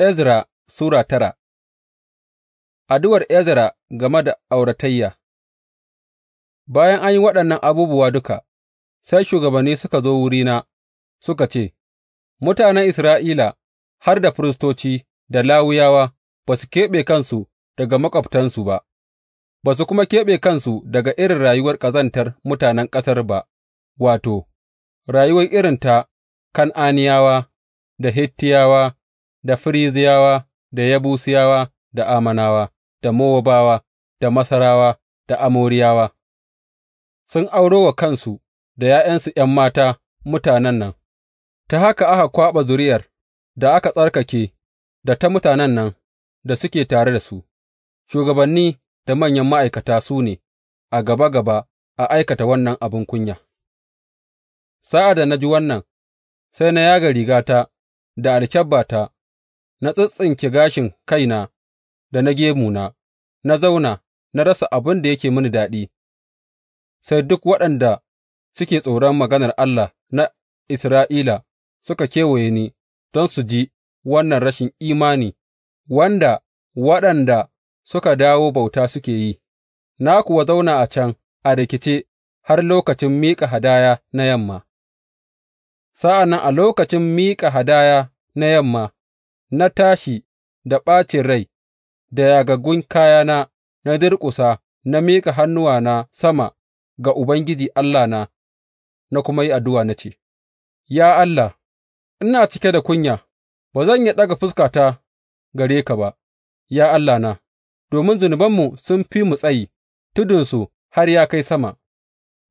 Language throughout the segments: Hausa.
Ezra Sura tara Addu'ar Ezra game da auratayya Bayan an yi waɗannan abubuwa duka, sai shugabanni suka zo wurina suka ce, Mutanen Isra'ila, har da firistoci da lawuyawa, ba su keɓe kansu daga maƙwabtansu ba, ba su kuma keɓe kansu daga irin rayuwar ƙazantar mutanen ƙasar ba, wato, rayuwar irin ta Kan'aniyawa da Hittiyawa. da firiziyawa da yabusiyawa da amanawa da Mowabawa, da Masarawa, da Amoriyawa, sun auro wa kansu da ’ya'yansu ’yan mata mutanen nan, ta haka aka kwaɓa zuriyar da aka tsarkake da ta mutanen nan da suke tare da su, shugabanni da manyan ma'aikata su ne a gaba gaba a aikata wannan abin kunya. Sa'ad da na ji wannan, sai na yaga rigata da alkyabbata na tsintsinke gashin kaina da na gemuna, na zauna, na rasa abin da yake mini daɗi, sai duk waɗanda suke tsoron maganar Allah na Isra'ila suka kewaye ni don su ji wannan rashin imani wanda waɗanda suka dawo bauta suke yi, na kuwa zauna a can a rikice har lokacin miƙa hadaya na yamma. Sa'an nan a lokacin miƙa hadaya na yamma na tashi da ɓacin rai da yagaggun kayana, na durƙusa na miƙa hannuwana sama ga Ubangiji Allahna na kuma yi addu'a na ce, Ya Allah, ina cike da kunya, ba zan iya ɗaga fuskata gare ka ba, ya Allahna, domin zunubanmu sun fi mu tsayi, tudunsu har ya kai sama,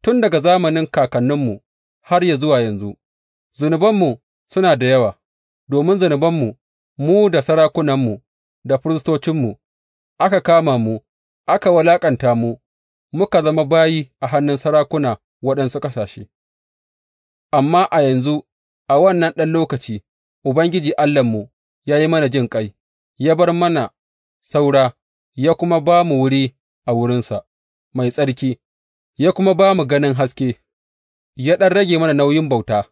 tun daga zamanin kakanninmu har ya zuwa yanzu, zunubanmu suna da yawa, domin zunubanmu mu da sarakunanmu da firistocinmu, aka kama mu, aka walaƙanta mu, muka zama bayi a hannun sarakuna waɗansu ƙasashe, amma a yanzu, a wannan ɗan lokaci, Ubangiji Allahnmu ya yi mana jinƙai, ya bar mana saura, ya kuma ba mu wuri a wurinsa mai tsarki, ya kuma ba mu ganin haske, ya ɗan rage mana nauyin bauta,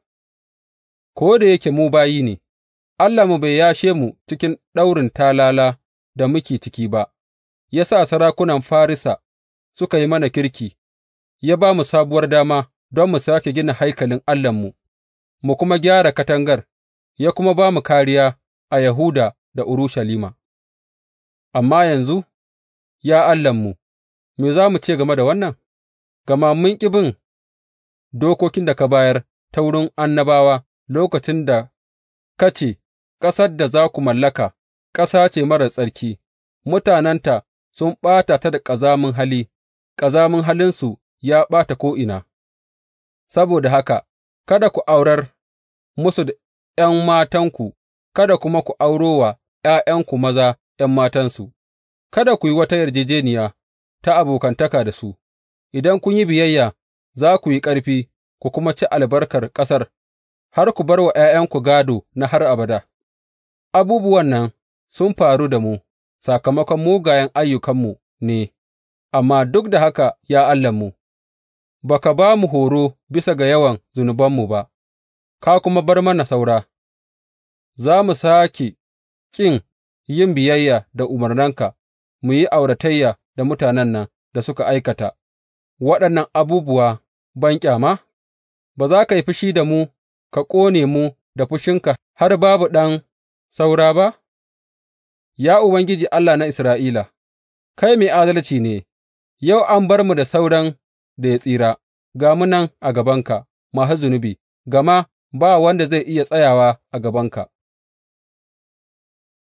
ko da yake mu bayi ne. Allahnmu bai yashe mu cikin ɗaurin talala da muke ciki ba, ya sa sarakunan Farisa suka yi mana kirki, ya ba mu sabuwar dama don mu sake gina haikalin Allahnmu, mu kuma gyara katangar, ya kuma ba mu kariya a Yahuda da Urushalima. Amma yanzu, ya Allahnmu, me za mu ce game da wannan? Gama mun ƙi bin dokokin da ka bayar ta wurin annabawa lokacin da ka ce, ƙasar da za ku mallaka ƙasa ce marar tsarki, mutanenta sun ɓata ta da ƙazamin hali, ƙazamin halinsu ya ɓata ko'ina, saboda haka, kada ku aurar musu da ’yan matanku, kada kuma ku auro wa ’ya'yanku maza ’yan matansu, kada ku yi wata yarjejeniya ta abokantaka da su, idan kun yi biyayya za ku yi ƙarfi ku kuma ci albarkar ƙasar, har ku bar wa ’ya'yanku gado na har abada. abubuwan nan sun faru da mu sakamakon mugayen ayyukanmu ne, amma duk da haka, ya Allahnmu, ba ka ba mu horo bisa ga yawan zunubanmu ba, ka kuma bar mana saura, za mu sake ƙin yin biyayya da umarnanka mu yi auratayya da mutanen nan da suka aikata waɗannan abubuwa banƙyama? Ba za ka yi fushi da mu ka ƙone mu da fushinka har babu ɗan saura ba? Ya Ubangiji Allah na Isra'ila, kai mai adalci ne, yau an bar mu da sauran da ya tsira, ga mu nan a gabanka masu zunubi, gama ba wanda zai iya tsayawa a gabanka.